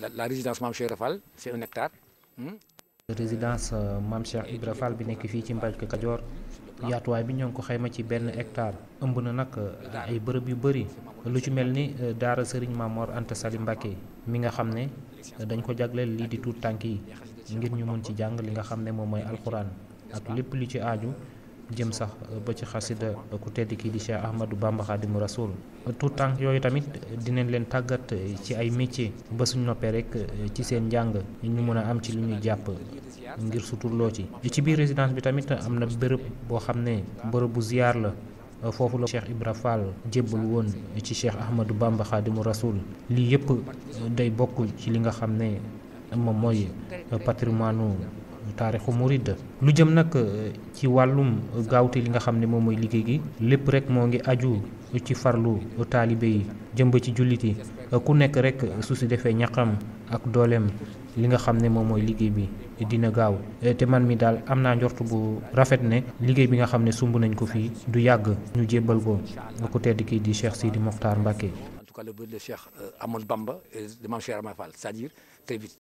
la, la résidence Mame Cheikh Fall hmm? résidence euh, Mame Cheikh bi nekk fii ci Mbacke Kajoor yaatuwaay bi ñoo ngi ko xayma ci benn hectare ëmb na nag euh, ay bërëb yu bëri lu ci mel ni euh, daara Serigne Mamor Anta Sali Mbacke mi nga xam ne dañ ko jagleel lii di tuut tànk yi ngir ñu mun ci jàng li nga xam ne moom mooy alxuraan ak lépp li ci aaju jëm sax euh, ba ci xasida euh, ku tedd kii di Cheikh Ahmadou Bamba Khadimu Rasul tout tànk yooyu tamit euh, dina leen tàggat ci ay métier ba suñ noppee rek ci seen njàng ñu mën a am ci lu ñuy jàpp ngir suturloo ci ci biir résidence bi tamit am na bërëb boo xam ne bërëb bu ziyaar la foofu la Cheikh Ibra Fall jébbal woon ci Cheikh Ahmadou Bamba Khadimu Rasul lii yëpp day bokk ci li nga xam ne moom mooy patrimoine taarixu murid lu jëm nag euh, ci wàllum gaawte li nga xam ne moom mooy liggéey gi lépp rek moo ngi aju ci farlu taalibe yi jëmb ci jullit yi ku nekk rek su si defee ñaqam ak dooleem li nga xam ne moom mooy liggéey bi dina gaaw te man mi daal am na njort bu rafet ne liggéey bi nga xam ne sumb nañ ko fii du yàgg ñu jébbal ko ku tedd kii di Cheikh si Mokhtar Mbacké. en